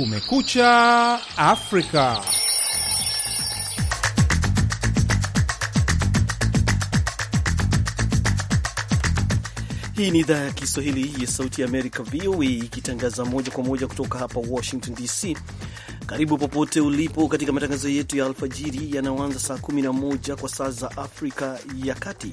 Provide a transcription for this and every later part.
Kumekucha Afrika. Hii ni idhaa ya Kiswahili ya Sauti ya Amerika, VOA, ikitangaza moja kwa moja kutoka hapa Washington DC. Karibu popote ulipo katika matangazo yetu ya alfajiri yanayoanza saa 11 kwa saa za Afrika ya Kati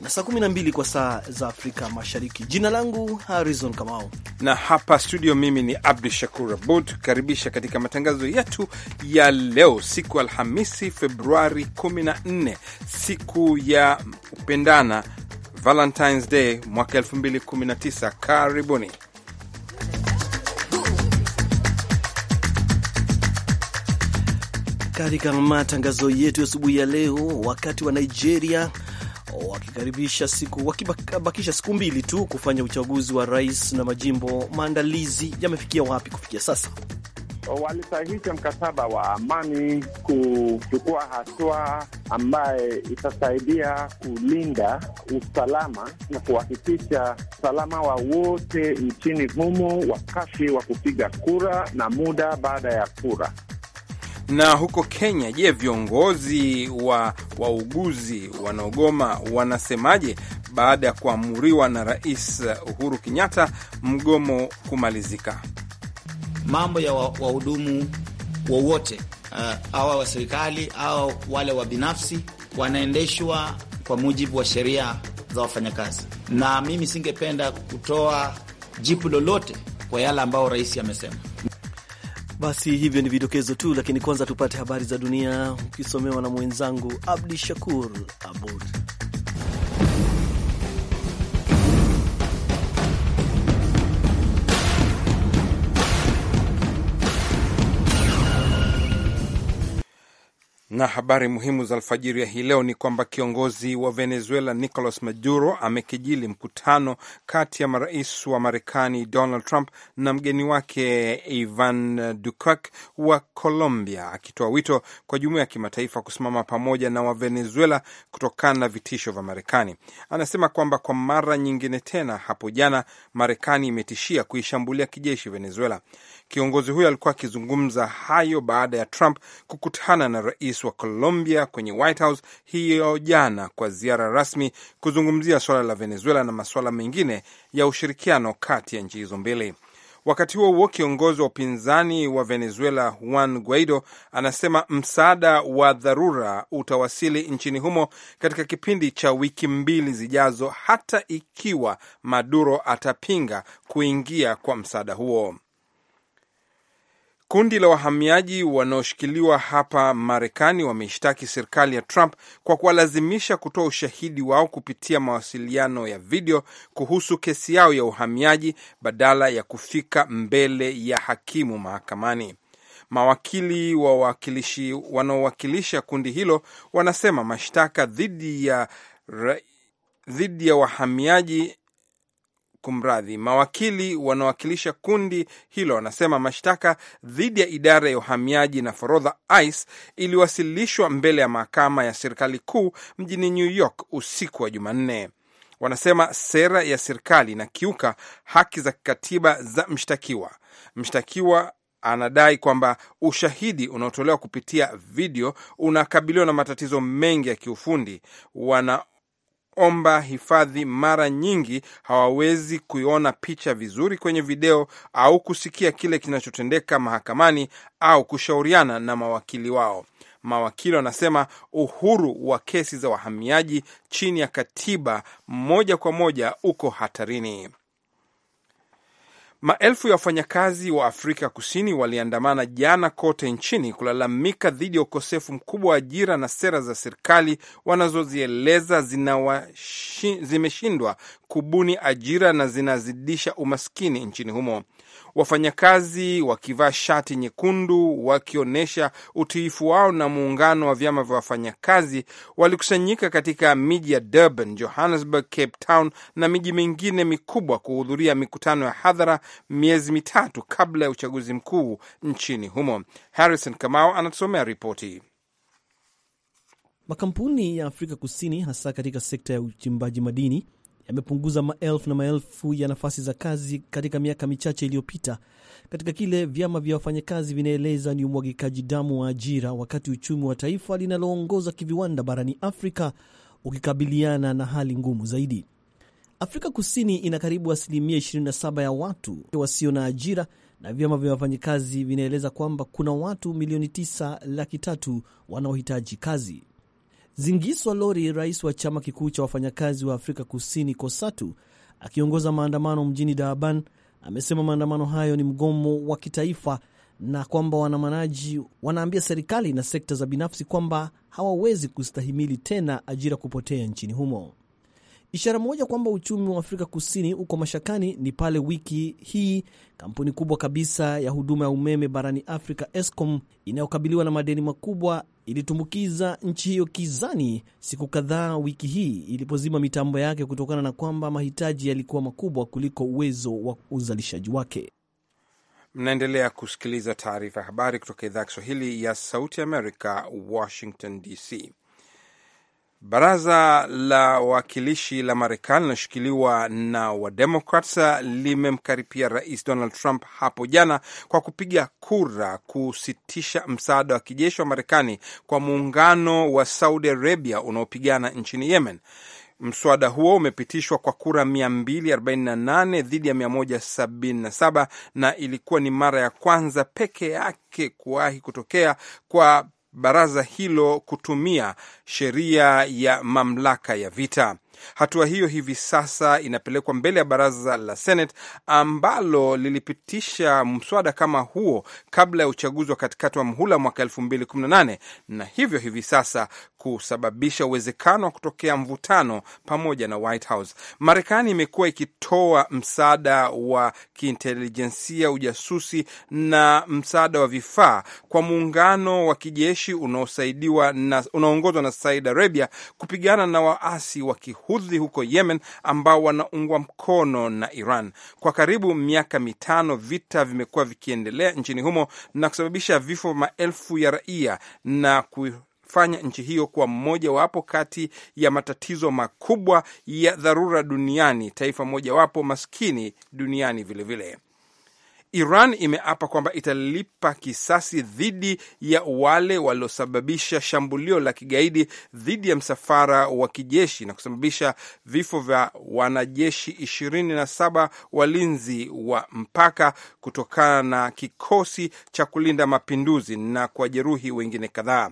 na saa 12 kwa saa za Afrika Mashariki. Jina langu Harrison Kamau na hapa studio mimi ni Abdu Shakur Abud, karibisha katika matangazo yetu ya leo, siku Alhamisi Februari 14, siku ya upendana Valentines Day mwaka 2019. Karibuni. Katika matangazo yetu ya asubuhi ya leo, wakati wa Nigeria wakikaribisha siku wakibakisha siku mbili tu kufanya uchaguzi wa rais na majimbo, maandalizi yamefikia wapi kufikia sasa? Walisahihisha mkataba wa amani kuchukua hatua ambaye itasaidia kulinda usalama na kuhakikisha usalama wa wote nchini humo wakati wa kupiga kura na muda baada ya kura. Na huko Kenya, je, viongozi wa wauguzi wanaogoma wanasemaje baada ya kuamuriwa na Rais Uhuru Kenyatta mgomo kumalizika? Mambo ya wahudumu wa wowote uh, awa wa serikali au wale wa binafsi wanaendeshwa kwa mujibu wa sheria za wafanyakazi, na mimi singependa kutoa jipu lolote kwa yale ambayo rais amesema. Basi hivyo ni vidokezo tu, lakini kwanza tupate habari za dunia ukisomewa na mwenzangu Abdi Shakur Abud. Na habari muhimu za alfajiri ya hii leo ni kwamba kiongozi wa Venezuela Nicolas Maduro amekijili mkutano kati ya marais wa Marekani Donald Trump na mgeni wake Ivan Duque wa Colombia, akitoa wito kwa jumuiya ya kimataifa kusimama pamoja na Wavenezuela kutokana na vitisho vya Marekani. Anasema kwamba kwa mara nyingine tena hapo jana Marekani imetishia kuishambulia kijeshi Venezuela. Kiongozi huyo alikuwa akizungumza hayo baada ya Trump kukutana na rais wa Colombia kwenye White House hiyo jana kwa ziara rasmi kuzungumzia suala la Venezuela na masuala mengine ya ushirikiano kati ya nchi hizo mbili. Wakati huo huo, kiongozi wa upinzani wa Venezuela Juan Guaido anasema msaada wa dharura utawasili nchini humo katika kipindi cha wiki mbili zijazo, hata ikiwa Maduro atapinga kuingia kwa msaada huo. Kundi la wahamiaji wanaoshikiliwa hapa Marekani wameshtaki serikali ya Trump kwa kuwalazimisha kutoa ushahidi wao kupitia mawasiliano ya video kuhusu kesi yao ya uhamiaji badala ya kufika mbele ya hakimu mahakamani. Mawakili wawakilishi wanaowakilisha kundi hilo wanasema mashtaka dhidi ya dhidi ya wahamiaji Kumradhi, mawakili wanaowakilisha kundi hilo wanasema mashtaka dhidi ya idara ya uhamiaji na forodha ICE iliwasilishwa mbele ya mahakama ya serikali kuu mjini New York usiku wa Jumanne. Wanasema sera ya serikali inakiuka haki za kikatiba za mshtakiwa. Mshtakiwa anadai kwamba ushahidi unaotolewa kupitia video unakabiliwa na matatizo mengi ya kiufundi. Wana omba hifadhi mara nyingi hawawezi kuiona picha vizuri kwenye video au kusikia kile kinachotendeka mahakamani au kushauriana na mawakili wao. Mawakili wanasema uhuru wa kesi za wahamiaji chini ya katiba moja kwa moja uko hatarini. Maelfu ya wafanyakazi wa Afrika Kusini waliandamana jana kote nchini kulalamika dhidi ya ukosefu mkubwa wa ajira na sera za serikali wanazozieleza zimeshindwa kubuni ajira na zinazidisha umaskini nchini humo wafanyakazi wakivaa shati nyekundu wakionyesha utiifu wao na muungano wa vyama vya wafanyakazi walikusanyika katika miji ya Durban, Johannesburg, Cape Town na miji mingine mikubwa kuhudhuria mikutano ya hadhara miezi mitatu kabla ya uchaguzi mkuu nchini humo. Harrison Kamau anatusomea ripoti. Makampuni ya Afrika Kusini, hasa katika sekta ya uchimbaji madini yamepunguza maelfu na maelfu ya nafasi za kazi katika miaka michache iliyopita katika kile vyama vya wafanyakazi vinaeleza ni umwagikaji damu wa ajira, wakati uchumi wa taifa linaloongoza kiviwanda barani Afrika ukikabiliana na hali ngumu zaidi. Afrika Kusini ina karibu asilimia 27 ya watu wasio na ajira na vyama vya wafanyakazi vinaeleza kwamba kuna watu milioni 9 laki tatu wanaohitaji kazi. Zingiswa Lori, rais wa chama kikuu cha wafanyakazi wa Afrika Kusini KOSATU, akiongoza maandamano mjini Durban, amesema maandamano hayo ni mgomo wa kitaifa na kwamba waandamanaji wanaambia serikali na sekta za binafsi kwamba hawawezi kustahimili tena ajira kupotea nchini humo. Ishara moja kwamba uchumi wa Afrika Kusini uko mashakani ni pale wiki hii kampuni kubwa kabisa ya huduma ya umeme barani Afrika, Eskom, inayokabiliwa na madeni makubwa ilitumbukiza nchi hiyo kizani siku kadhaa wiki hii ilipozima mitambo yake kutokana na kwamba mahitaji yalikuwa makubwa kuliko uwezo wa uzalishaji wake. Mnaendelea kusikiliza taarifa ya habari kutoka idhaa ya Kiswahili ya Sauti Amerika, Washington DC. Baraza la Wawakilishi la Marekani linashikiliwa na Wademokrats limemkaripia Rais Donald Trump hapo jana kwa kupiga kura kusitisha msaada wa kijeshi wa Marekani kwa muungano wa Saudi Arabia unaopigana nchini Yemen. Mswada huo umepitishwa kwa kura 248 dhidi ya 177 na ilikuwa ni mara ya kwanza peke yake kuwahi kutokea kwa baraza hilo kutumia sheria ya mamlaka ya vita. Hatua hiyo hivi sasa inapelekwa mbele ya baraza la Senate ambalo lilipitisha mswada kama huo kabla ya uchaguzi wa katikati wa mhula mwaka 2018 na hivyo hivi sasa kusababisha uwezekano wa kutokea mvutano pamoja na White House. Marekani imekuwa ikitoa msaada wa kiintelijensia, ujasusi na msaada wa vifaa kwa muungano wa kijeshi unaosaidiwa na unaoongozwa na Saudi Arabia kupigana na waasi wa Wahudhi huko Yemen ambao wanaungwa mkono na Iran. Kwa karibu miaka mitano vita vimekuwa vikiendelea nchini humo na kusababisha vifo maelfu ya raia na ku fanya nchi hiyo kuwa mmojawapo kati ya matatizo makubwa ya dharura duniani, taifa mojawapo maskini duniani vilevile vile. Iran imeapa kwamba italipa kisasi dhidi ya wale waliosababisha shambulio la kigaidi dhidi ya msafara wa kijeshi na kusababisha vifo vya wanajeshi ishirini na saba walinzi wa mpaka kutokana na kikosi cha kulinda mapinduzi na kuwajeruhi wengine kadhaa.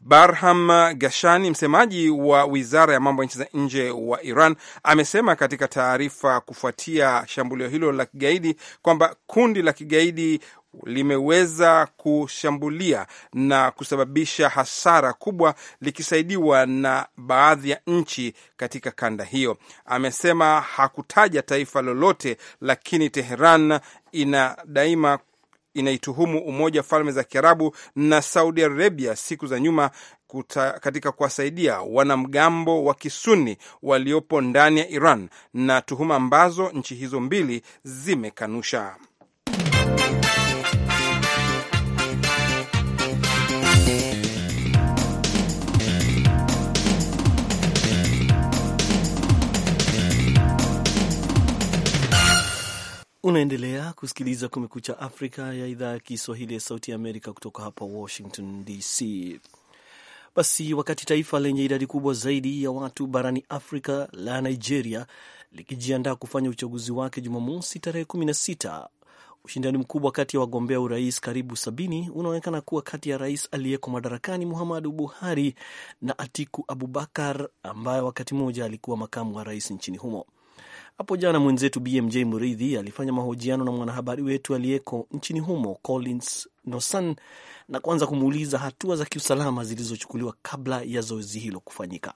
Barham Gashani, msemaji wa wizara ya mambo ya nchi za nje wa Iran, amesema katika taarifa kufuatia shambulio hilo la kigaidi kwamba kundi la kigaidi limeweza kushambulia na kusababisha hasara kubwa likisaidiwa na baadhi ya nchi katika kanda hiyo. Amesema hakutaja taifa lolote, lakini Teheran ina daima inaituhumu Umoja wa Falme za Kiarabu na Saudi Arabia siku za nyuma kuta, katika kuwasaidia wanamgambo wa kisuni waliopo ndani ya Iran na tuhuma ambazo nchi hizo mbili zimekanusha. Unaendelea kusikiliza Kumekucha Afrika ya idhaa ya Kiswahili ya Sauti ya Amerika kutoka hapa Washington DC. Basi, wakati taifa lenye idadi kubwa zaidi ya watu barani Afrika la Nigeria likijiandaa kufanya uchaguzi wake Jumamosi tarehe 16, ushindani mkubwa kati ya wagombea urais karibu sabini unaonekana kuwa kati ya rais aliyeko madarakani Muhammadu Buhari na Atiku Abubakar ambaye wakati mmoja alikuwa makamu wa rais nchini humo. Hapo jana mwenzetu BMJ Muridhi alifanya mahojiano na mwanahabari wetu aliyeko nchini humo Collins Nosan, na kuanza kumuuliza hatua za kiusalama zilizochukuliwa kabla ya zoezi hilo kufanyika.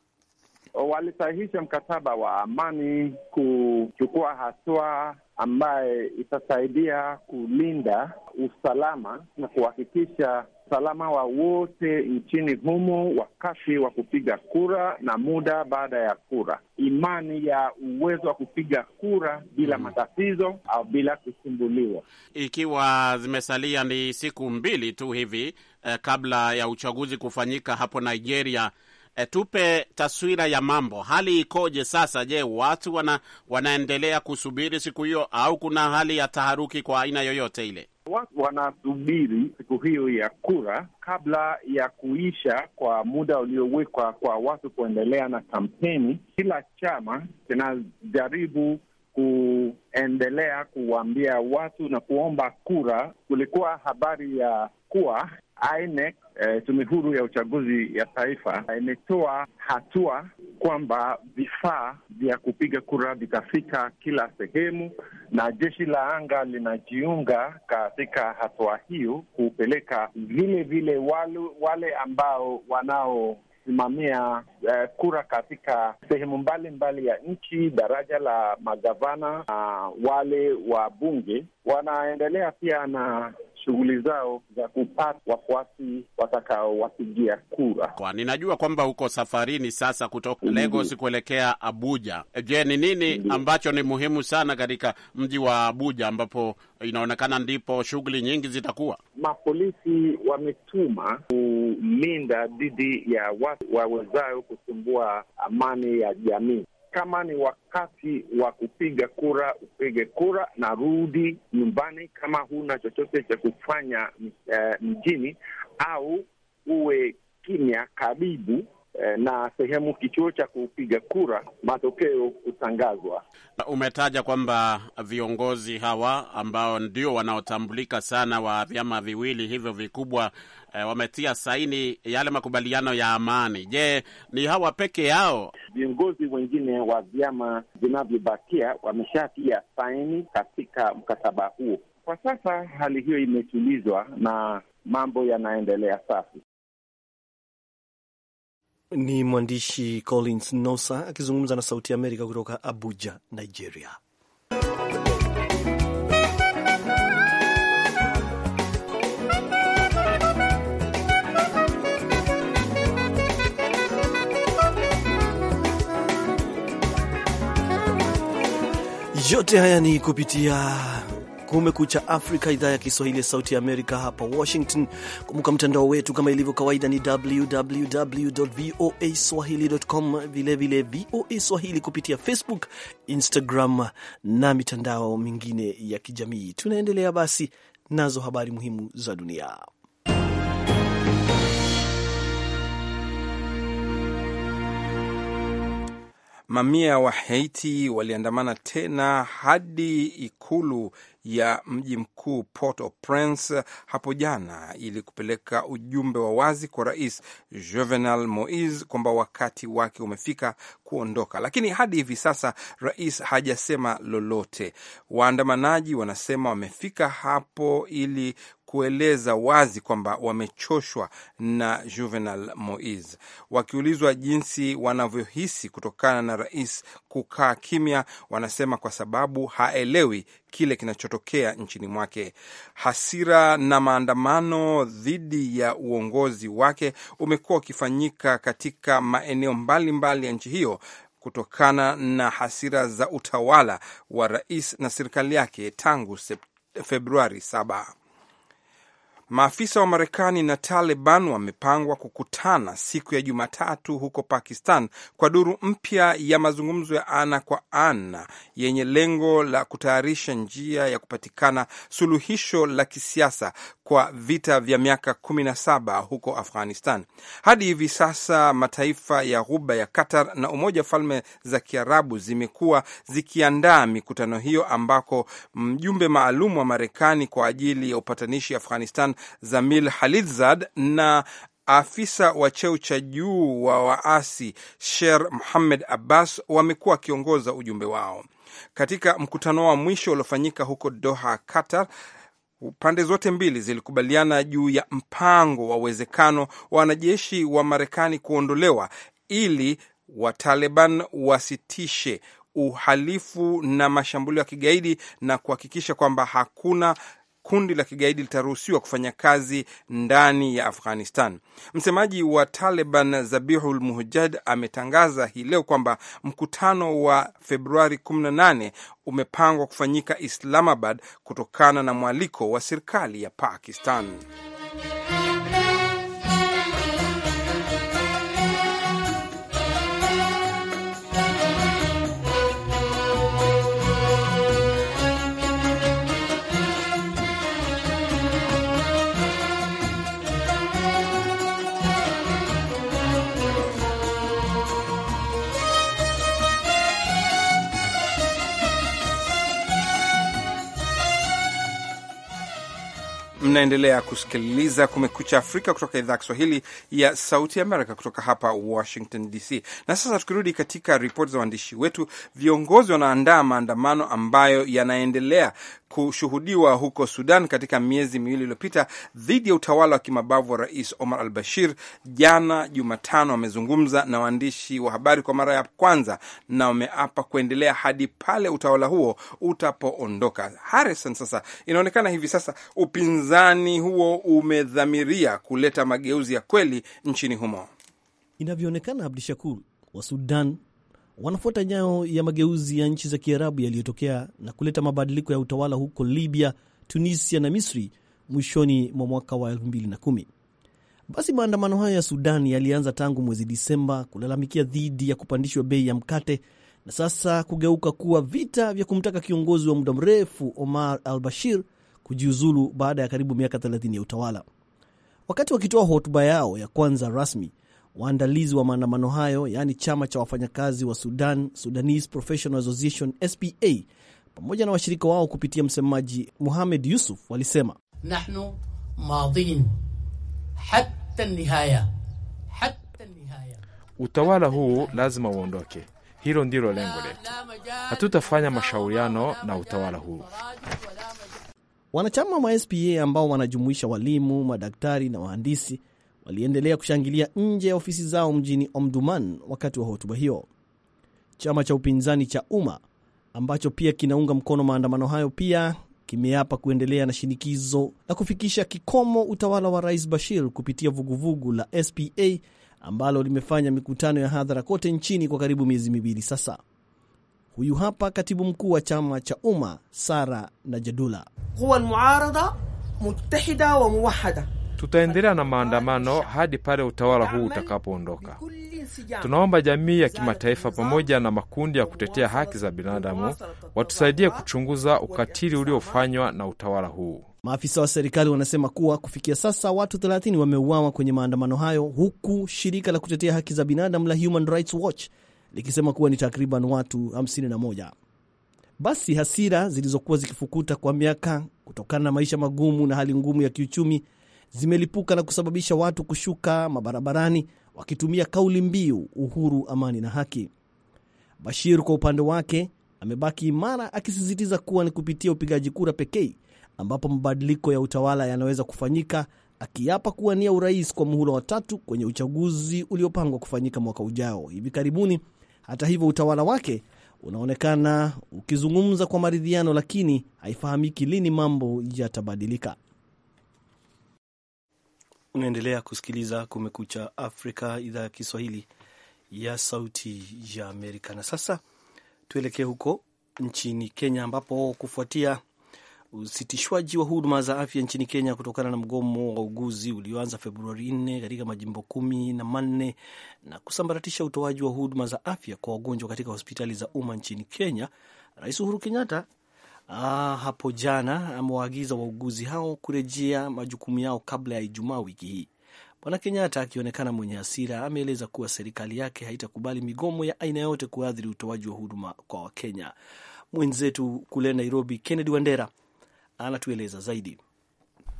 Walisahihisha mkataba wa amani kuchukua hatua ambaye itasaidia kulinda usalama na kuhakikisha usalama wa wote nchini humo wakati wa kupiga kura na muda baada ya kura, imani ya uwezo wa kupiga kura bila mm, matatizo au bila kusumbuliwa. Ikiwa zimesalia ni siku mbili tu hivi eh, kabla ya uchaguzi kufanyika hapo Nigeria. E, tupe taswira ya mambo, hali ikoje sasa? Je, watu wana, wanaendelea kusubiri siku hiyo au kuna hali ya taharuki kwa aina yoyote ile? watu wanasubiri siku hiyo ya kura kabla ya kuisha kwa muda uliowekwa kwa watu kuendelea na kampeni. Kila chama kinajaribu kuendelea kuwaambia watu na kuomba kura. Kulikuwa habari ya kuwa INEC, e, tume huru ya uchaguzi ya taifa imetoa hatua kwamba vifaa vya kupiga kura vitafika kila sehemu, na jeshi la anga linajiunga katika hatua hiyo kupeleka vile vile walu, wale ambao wanao simamia uh, eh, kura katika sehemu mbalimbali ya nchi. Daraja la magavana na uh, wale wa bunge wanaendelea pia na shughuli zao za kupata wafuasi watakaowapigia kura. Kwa ninajua kwamba uko safarini sasa kutoka Lagos kuelekea Abuja. Je, ni nini ambacho ni muhimu sana katika mji wa Abuja ambapo inaonekana ndipo shughuli nyingi zitakuwa? Mapolisi wametuma kulinda dhidi ya watu wawezao kusumbua amani ya jamii kama ni wakati wa kupiga kura, upige kura na rudi nyumbani, kama huna chochote cha kufanya uh, mjini, au uwe kimya karibu eh, na sehemu kichuo cha kupiga kura, matokeo kutangazwa. Umetaja kwamba viongozi hawa ambao ndio wanaotambulika sana wa vyama viwili hivyo vikubwa eh, wametia saini yale makubaliano ya amani. Je, ni hawa peke yao? Viongozi wengine wa vyama vinavyobakia wameshatia saini katika mkataba huo. Kwa sasa hali hiyo imetulizwa na mambo yanaendelea safi. Ni mwandishi Collins Nosa akizungumza na Sauti ya Amerika kutoka Abuja, Nigeria. Yote haya ni kupitia Kumekucha Afrika, idhaa ya Kiswahili ya Sauti ya Amerika hapa Washington. Kumbuka mtandao wetu kama ilivyo kawaida ni www voa swahili.com, vilevile VOA Swahili kupitia Facebook, Instagram na mitandao mingine ya kijamii. Tunaendelea basi nazo habari muhimu za dunia. Mamia ya Wahaiti waliandamana tena hadi ikulu ya mji mkuu Port-au-Prince hapo jana ili kupeleka ujumbe wa wazi kwa Rais Jovenel Moise kwamba wakati wake umefika kuondoka, lakini hadi hivi sasa rais hajasema lolote. Waandamanaji wanasema wamefika hapo ili kueleza wazi kwamba wamechoshwa na Juvenal Moise. Wakiulizwa jinsi wanavyohisi kutokana na rais kukaa kimya, wanasema kwa sababu haelewi kile kinachotokea nchini mwake. Hasira na maandamano dhidi ya uongozi wake umekuwa ukifanyika katika maeneo mbalimbali mbali ya nchi hiyo kutokana na hasira za utawala wa rais na serikali yake tangu Februari saba. Maafisa wa Marekani na Taliban wamepangwa kukutana siku ya Jumatatu huko Pakistan kwa duru mpya ya mazungumzo ya ana kwa ana yenye lengo la kutayarisha njia ya kupatikana suluhisho la kisiasa kwa vita vya miaka kumi na saba huko Afghanistan. Hadi hivi sasa mataifa ya Ghuba ya Qatar na Umoja wa Falme za Kiarabu zimekuwa zikiandaa mikutano hiyo, ambako mjumbe maalum wa Marekani kwa ajili ya upatanishi Afghanistan, Zamil Khalilzad na afisa wa cheo cha juu wa waasi Sher Muhamed Abbas wamekuwa wakiongoza ujumbe wao. Katika mkutano wa mwisho uliofanyika huko Doha, Qatar, Pande zote mbili zilikubaliana juu ya mpango wa uwezekano wa wanajeshi wa Marekani kuondolewa ili Wataliban wasitishe uhalifu na mashambulio ya kigaidi na kuhakikisha kwamba hakuna kundi la kigaidi litaruhusiwa kufanya kazi ndani ya Afghanistan. Msemaji wa Taliban Zabihul Muhajjad ametangaza hii leo kwamba mkutano wa Februari 18 umepangwa kufanyika Islamabad kutokana na mwaliko wa serikali ya Pakistan. Mnaendelea kusikiliza Kumekucha Afrika kutoka idhaa ya Kiswahili ya Sauti Amerika kutoka hapa Washington DC. Na sasa tukirudi katika ripoti za waandishi wetu, viongozi wanaandaa maandamano ambayo yanaendelea kushuhudiwa huko Sudan katika miezi miwili iliyopita dhidi ya utawala wa kimabavu wa Rais Omar al Bashir, jana Jumatano amezungumza na waandishi wa habari kwa mara ya kwanza na wameapa kuendelea hadi pale utawala huo utapoondoka. Harrison, sasa inaonekana hivi sasa upinzani huo umedhamiria kuleta mageuzi ya kweli nchini humo. Inavyoonekana, Abdishakur, wa Sudan wanafuata nyayo ya mageuzi ya nchi za Kiarabu yaliyotokea na kuleta mabadiliko ya utawala huko Libya, Tunisia na Misri mwishoni mwa mwaka wa 2010. Basi maandamano hayo ya Sudan yalianza tangu mwezi Disemba kulalamikia dhidi ya kupandishwa bei ya mkate na sasa kugeuka kuwa vita vya kumtaka kiongozi wa muda mrefu Omar al Bashir kujiuzulu baada ya karibu miaka 30 ya utawala. Wakati wakitoa hotuba yao ya kwanza rasmi, Waandalizi wa maandamano hayo, yaani chama cha wafanyakazi wa Sudan, Sudanese Professional Association SPA, pamoja na washirika wao kupitia msemaji Muhamed Yusuf walisema nahnu madin hata nihaya. Utawala huu lazima uondoke. Hilo ndilo lengo letu. Hatutafanya mashauriano na utawala huu. Wanachama wa SPA ambao wanajumuisha walimu, madaktari na wahandisi waliendelea kushangilia nje ya ofisi zao mjini omduman wakati wa hotuba hiyo. Chama cha upinzani cha Umma ambacho pia kinaunga mkono maandamano hayo pia kimeapa kuendelea na shinikizo la kufikisha kikomo utawala wa Rais Bashir kupitia vuguvugu la SPA ambalo limefanya mikutano ya hadhara kote nchini kwa karibu miezi miwili sasa. Huyu hapa katibu mkuu wa chama cha Umma, Sara Najadula. huwa wa muwahada Tutaendelea na maandamano hadi pale utawala huu utakapoondoka. Tunaomba jamii ya kimataifa pamoja na makundi ya kutetea haki za binadamu watusaidie kuchunguza ukatili uliofanywa na utawala huu. Maafisa wa serikali wanasema kuwa kufikia sasa watu 30 wameuawa kwenye maandamano hayo, huku shirika la kutetea haki za binadamu la Human Rights Watch likisema kuwa ni takriban watu 51. Basi hasira zilizokuwa zikifukuta kwa miaka kutokana na maisha magumu na hali ngumu ya kiuchumi zimelipuka na kusababisha watu kushuka mabarabarani wakitumia kauli mbiu uhuru, amani na haki. Bashir kwa upande wake amebaki imara, akisisitiza kuwa ni kupitia upigaji kura pekee ambapo mabadiliko ya utawala yanaweza kufanyika, akiapa kuwania urais kwa muhula wa tatu kwenye uchaguzi uliopangwa kufanyika mwaka ujao hivi karibuni. Hata hivyo, utawala wake unaonekana ukizungumza kwa maridhiano, lakini haifahamiki lini mambo yatabadilika. Unaendelea kusikiliza Kumekucha Afrika, idhaa ya Kiswahili ya Sauti ya Amerika. Na sasa tuelekee huko nchini Kenya, ambapo kufuatia usitishwaji wa huduma za afya nchini Kenya kutokana na mgomo wa uguzi ulioanza Februari 4 katika majimbo kumi na manne na kusambaratisha utoaji wa huduma za afya kwa wagonjwa katika hospitali za umma nchini Kenya, Rais Uhuru Kenyatta Aa, ah, hapo jana amewaagiza wauguzi hao kurejea majukumu yao kabla ya Ijumaa wiki hii. Bwana Kenyatta akionekana mwenye hasira ameeleza kuwa serikali yake haitakubali migomo ya aina yote kuathiri utoaji wa huduma kwa Wakenya. Mwenzetu kule Nairobi, Kennedy Wandera anatueleza zaidi.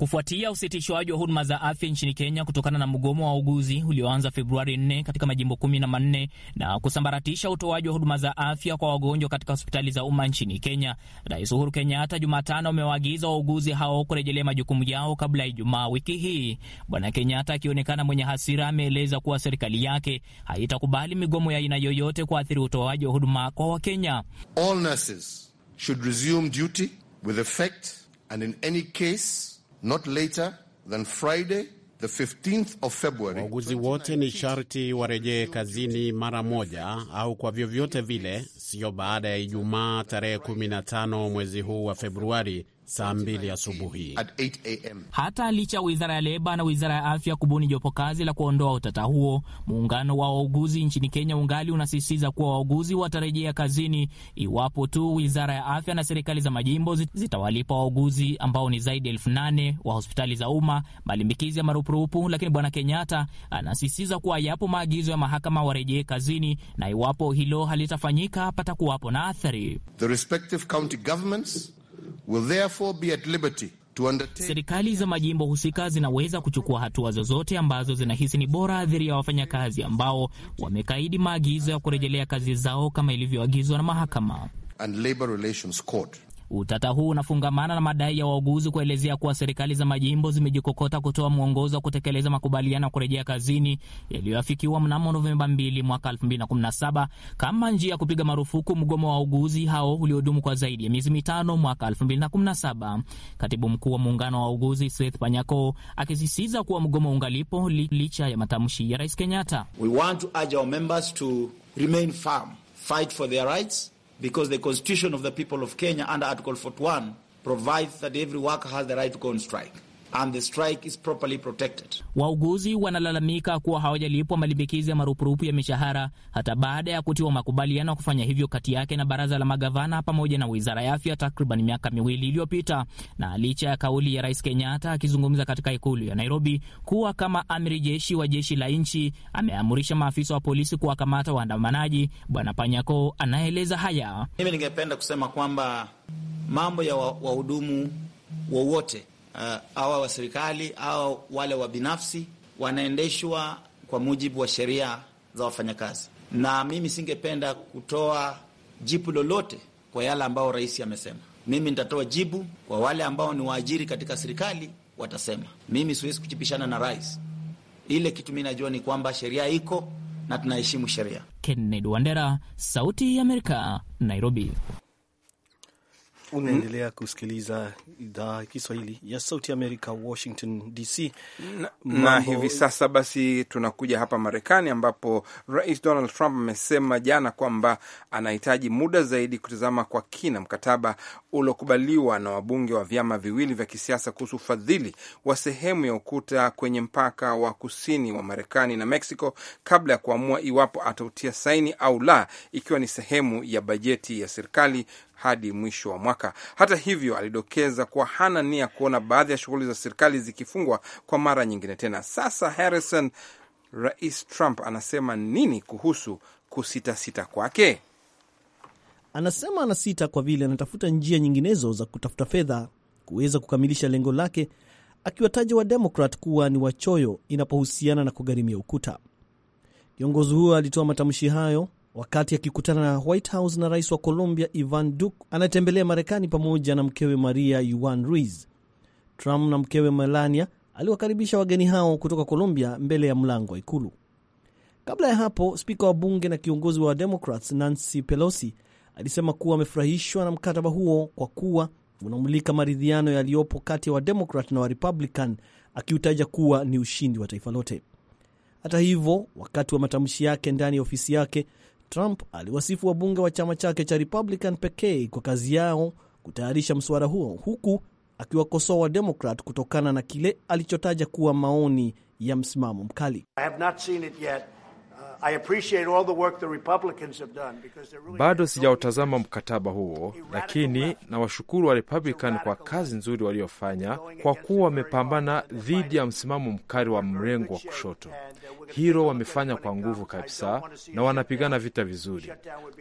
Kufuatia usitishwaji wa huduma za afya nchini Kenya kutokana na mgomo wa wauguzi ulioanza Februari 4 katika majimbo kumi na manne na kusambaratisha utoaji wa huduma za afya kwa wagonjwa katika hospitali za umma nchini Kenya, Rais Uhuru Kenyatta Jumatano amewaagiza wauguzi hao kurejelea majukumu yao kabla ya Ijumaa wiki hii. Bwana Kenyatta akionekana mwenye hasira, ameeleza kuwa serikali yake haitakubali migomo ya aina yoyote kuathiri utoaji wa huduma kwa Wakenya. All nurses should resume duty with effect and in any case Not later than Friday, the 15th of February. Wauguzi wote ni sharti warejee kazini mara moja au kwa vyovyote vile, sio baada ya Ijumaa tarehe 15 mwezi huu wa Februari saa mbili asubuhi. Hata licha wizara ya leba na wizara ya afya kubuni jopo kazi la kuondoa utata huo, muungano wa wauguzi nchini Kenya ungali unasisitiza kuwa wauguzi watarejea kazini iwapo tu wizara ya afya na serikali za majimbo zitawalipa wauguzi ambao ni zaidi ya elfu nane wa hospitali za umma malimbikizi ya marupurupu. Lakini bwana Kenyatta anasisitiza kuwa yapo maagizo ya mahakama warejee kazini, na iwapo hilo halitafanyika patakuwapo na athari. The respective county governments will therefore be at liberty to undertake... Serikali za majimbo husika zinaweza kuchukua hatua zozote ambazo zinahisi ni bora dhidi ya wafanyakazi ambao wamekaidi maagizo ya kurejelea kazi zao kama ilivyoagizwa na mahakama and Labor Relations Court. Utata huu unafungamana na madai ya wauguzi kuelezea kuwa serikali za majimbo zimejikokota kutoa mwongozo wa kutekeleza makubaliano ya kurejea kazini yaliyoafikiwa mnamo Novemba 2 mwaka 2017 kama njia ya kupiga marufuku mgomo wa wauguzi hao uliodumu kwa zaidi ya miezi mitano mwaka 2017. Katibu mkuu wa muungano wa wauguzi Seth Panyako akisisitiza kuwa mgomo ungalipo licha ya matamshi ya Rais Kenyatta. We want to urge our members to remain firm, fight for their rights because the constitution of the people of Kenya under Article 41 provides that every worker has the right to go on strike and the strike is properly protected. Wauguzi wanalalamika kuwa hawajalipwa malimbikizi ya marupurupu ya mishahara hata baada ya kutiwa makubaliano ya kufanya hivyo kati yake na baraza la magavana pamoja na wizara ya afya takriban miaka miwili iliyopita, na licha ya kauli ya Rais Kenyatta akizungumza katika ikulu ya Nairobi kuwa kama amiri jeshi wa jeshi la nchi ameamurisha maafisa wa polisi kuwakamata waandamanaji, Bwana Panyako anaeleza haya. Mimi ningependa kusema kwamba mambo ya wahudumu wa wowote Uh, awa wa serikali au wale wa binafsi wanaendeshwa kwa mujibu wa sheria za wafanyakazi, na mimi singependa kutoa jibu lolote kwa yale ambao rais amesema. Mimi nitatoa jibu kwa wale ambao ni waajiri katika serikali watasema. Mimi siwezi kuchipishana na rais. Ile kitu mi najua ni kwamba sheria iko na tunaheshimu sheria. Kennedy Wandera, Sauti ya Amerika, Nairobi. Unaendelea kusikiliza idhaa ya Kiswahili ya Sauti ya Amerika, Washington DC. Na, na hivi sasa basi tunakuja hapa Marekani, ambapo Rais Donald Trump amesema jana kwamba anahitaji muda zaidi kutizama kwa kina mkataba uliokubaliwa na wabunge wa vyama viwili vya kisiasa kuhusu ufadhili wa sehemu ya ukuta kwenye mpaka wa kusini wa Marekani na Mexico kabla ya kuamua iwapo atautia saini au la, ikiwa ni sehemu ya bajeti ya serikali hadi mwisho wa mwaka. Hata hivyo, alidokeza kuwa hana nia kuona baadhi ya shughuli za serikali zikifungwa kwa mara nyingine tena. Sasa Harrison, Rais Trump anasema nini kuhusu kusitasita kwake? Anasema anasita kwa vile anatafuta njia nyinginezo za kutafuta fedha kuweza kukamilisha lengo lake, akiwataja Wademokrat kuwa ni wachoyo inapohusiana na kugharimia ukuta. Kiongozi huyo alitoa matamshi hayo wakati akikutana na White House na rais wa Colombia Ivan Duque anayetembelea Marekani pamoja na mkewe Maria Juan Ruiz. Trump na mkewe Melania aliwakaribisha wageni hao kutoka Colombia mbele ya mlango wa ikulu. Kabla ya hapo, spika wa bunge na kiongozi wa Democrats Nancy Pelosi alisema kuwa amefurahishwa na mkataba huo kwa kuwa unamulika maridhiano yaliyopo kati ya Wademokrat na Warepublican, akiutaja kuwa ni ushindi wa taifa lote. Hata hivyo, wakati wa matamshi yake ndani ya ofisi yake, Trump aliwasifu wabunge wa chama chake cha Republican pekee kwa kazi yao kutayarisha mswada huo huku akiwakosoa Wademokrat kutokana na kile alichotaja kuwa maoni ya msimamo mkali. I have not seen it yet. Bado sijautazama mkataba huo, lakini nawashukuru wa Republican kwa kazi nzuri waliofanya, kwa kuwa wamepambana dhidi ya msimamo mkali wa mrengo wa kushoto. Uh, hilo wamefanya kwa nguvu kabisa, na wanapigana vita vizuri.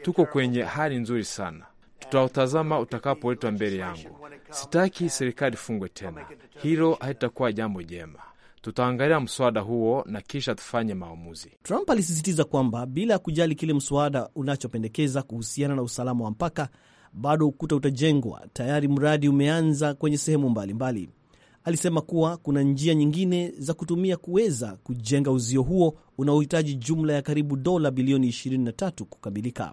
Tuko kwenye hali nzuri sana. Tutautazama utakapoletwa mbele yangu. Sitaki serikali ifungwe tena, hilo haitakuwa jambo jema. Tutaangalia mswada huo na kisha tufanye maamuzi. Trump alisisitiza kwamba bila ya kujali kile mswada unachopendekeza kuhusiana na usalama wa mpaka, bado ukuta utajengwa. Tayari mradi umeanza kwenye sehemu mbalimbali mbali. Alisema kuwa kuna njia nyingine za kutumia kuweza kujenga uzio huo unaohitaji jumla ya karibu dola bilioni 23 kukamilika.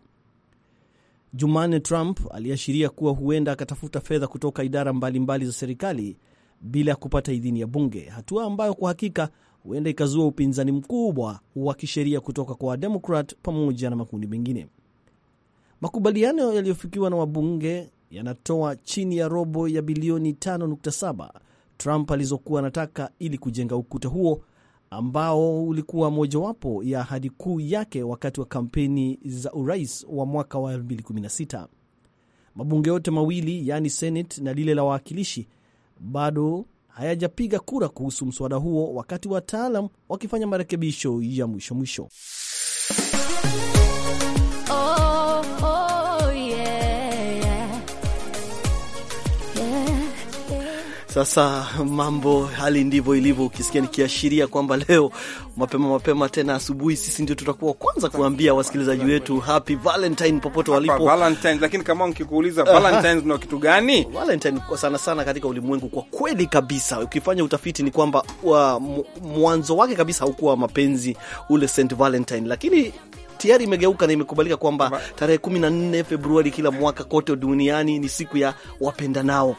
Jumanne, Trump aliashiria kuwa huenda akatafuta fedha kutoka idara mbalimbali mbali za serikali bila ya kupata idhini ya bunge, hatua ambayo kwa hakika huenda ikazua upinzani mkubwa wa kisheria kutoka kwa Wademokrat pamoja na makundi mengine. Makubaliano yaliyofikiwa na wabunge yanatoa chini ya robo ya bilioni 5.7 Trump alizokuwa anataka ili kujenga ukuta huo ambao ulikuwa mojawapo ya ahadi kuu yake wakati wa kampeni za urais wa mwaka wa 2016. Mabunge yote mawili yaani Senate na lile la wawakilishi bado hayajapiga kura kuhusu mswada huo, wakati wataalam wakifanya marekebisho ya mwisho mwisho. Sasa mambo hali ndivyo ilivyo, ukisikia nikiashiria kwamba leo mapema mapema tena asubuhi, sisi ndio tutakuwa kwanza kuambia wasikilizaji wetu happy Valentine popote walipo Valentine. Lakini kama nikikuuliza Valentine kitu gani? Valentine kwa sana sana katika ulimwengu, kwa kweli kabisa, ukifanya utafiti ni kwamba mwanzo wake kabisa haukuwa mapenzi ule st Valentine, lakini tayari imegeuka na imekubalika kwamba tarehe 14 Februari kila mwaka kote duniani ni siku ya wapendanao.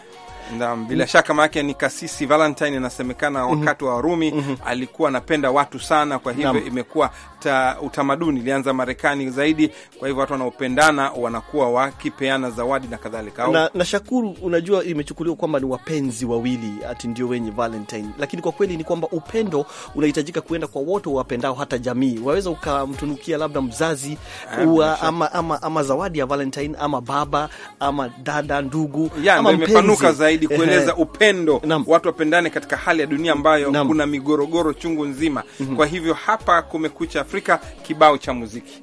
Naam, bila shaka maake ni kasisi Valentine anasemekana wakati wa Warumi mm -hmm. alikuwa anapenda watu sana, kwa hivyo imekuwa ta utamaduni ilianza Marekani zaidi. Kwa hivyo watu wanaopendana wanakuwa wakipeana zawadi na kadhalika. Na, na shakuru, unajua imechukuliwa kwamba ni wapenzi wawili ati ndio wenye Valentine, lakini kwa kweli ni kwamba upendo unahitajika kuenda kwa wote wapendao, hata jamii. Waweza ukamtunukia labda mzazi ua, eh, ama, ama, ama zawadi ya Valentine ama baba ama dada ndugu ya, ama imepanuka zaidi kueleza upendo Nam. watu wapendane katika hali ya dunia ambayo Nam. kuna migorogoro chungu nzima. mm -hmm. Kwa hivyo hapa kumekucha Afrika, kibao cha muziki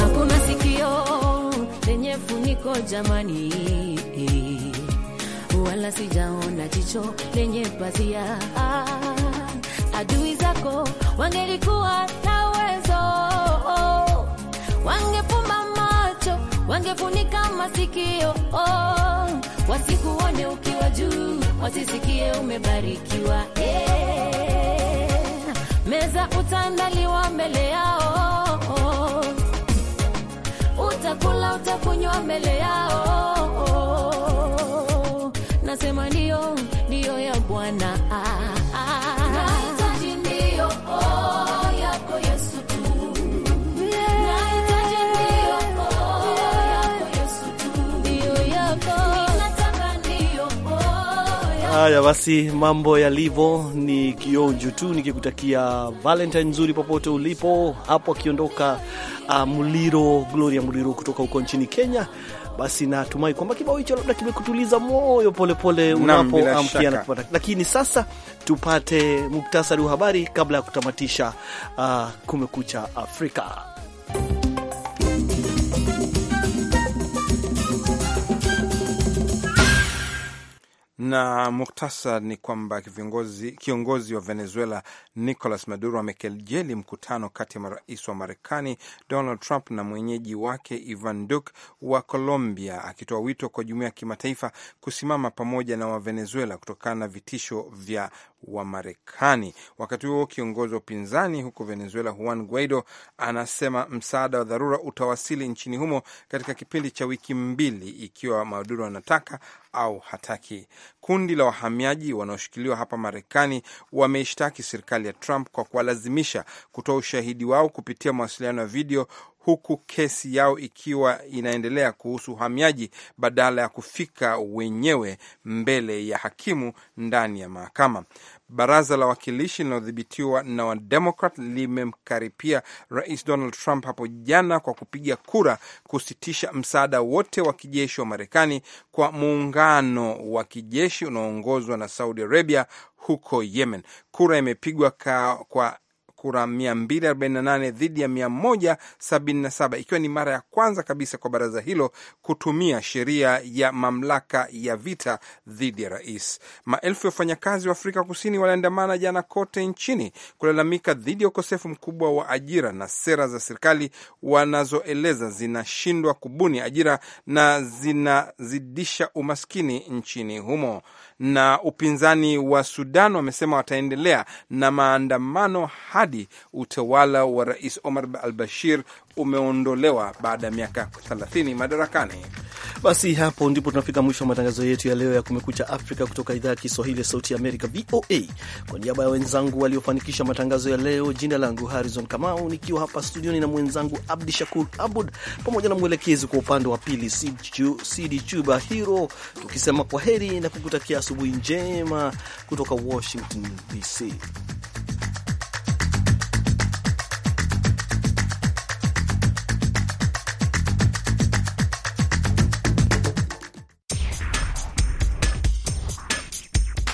hakuna sikio lenye funiko jamani, wala sijaona jicho lenye pazia. Adui zako wangelikuwa na uwezo, wangefumba macho, wangefunika masikio, wasikuone ukiwa juu, wasisikie umebarikiwa, yeah meza utaandaliwa mbele yao, utakula utakunywa mbele yao, nasema ndiyo ndiyo ya Bwana. Haya basi, mambo yalivyo ni kionjo tu, nikikutakia Valentine nzuri popote ulipo. Hapo akiondoka uh, Muliro, Gloria Muliro kutoka huko nchini Kenya. Basi natumai kwamba kibao hicho labda kimekutuliza moyo polepole unapoamkia na kupata. Lakini sasa tupate muktasari wa habari kabla ya kutamatisha uh, Kumekucha Afrika. Na muktasar ni kwamba viongozi, kiongozi wa Venezuela Nicolas Maduro amekejeli mkutano kati ya rais wa Marekani Donald Trump na mwenyeji wake Ivan Duque wa Colombia, akitoa wito kwa jumuiya ya kimataifa kusimama pamoja na Wavenezuela kutokana na vitisho vya wa Marekani. Wakati huo kiongozi wa upinzani huko Venezuela, Juan Guaido, anasema msaada wa dharura utawasili nchini humo katika kipindi cha wiki mbili, ikiwa Maduro anataka au hataki. Kundi la wahamiaji wanaoshikiliwa hapa Marekani wameishtaki serikali ya Trump kwa kuwalazimisha kutoa ushahidi wao kupitia mawasiliano ya video huku kesi yao ikiwa inaendelea kuhusu uhamiaji badala ya kufika wenyewe mbele ya hakimu ndani ya mahakama. Baraza la Wakilishi linalodhibitiwa na Wademokrat limemkaripia Rais Donald Trump hapo jana kwa kupiga kura kusitisha msaada wote wa kijeshi wa Marekani kwa muungano wa kijeshi unaoongozwa na Saudi Arabia huko Yemen. Kura imepigwa kwa kura 248 dhidi ya 177 ikiwa ni mara ya kwanza kabisa kwa baraza hilo kutumia sheria ya mamlaka ya vita dhidi ya rais. Maelfu ya wafanyakazi wa Afrika Kusini waliandamana jana kote nchini kulalamika dhidi ya ukosefu mkubwa wa ajira na sera za serikali wanazoeleza zinashindwa kubuni ajira na zinazidisha umaskini nchini humo. Na upinzani wa Sudan wamesema wataendelea na maandamano hadi zaidi. Utawala wa Rais Omar al Bashir umeondolewa baada ya miaka 30 madarakani. Basi hapo ndipo tunafika mwisho wa matangazo yetu ya leo ya Kumekucha Afrika kutoka idhaa ya Kiswahili ya Sauti ya Amerika, VOA. Kwa niaba ya wenzangu waliofanikisha matangazo ya leo, jina langu Harrison Kamau, nikiwa hapa studioni na mwenzangu Abdi Shakur Abud pamoja na mwelekezi kwa upande wa pili Sidi Chuba Hiro, tukisema kwa heri na kukutakia asubuhi njema kutoka Washington DC.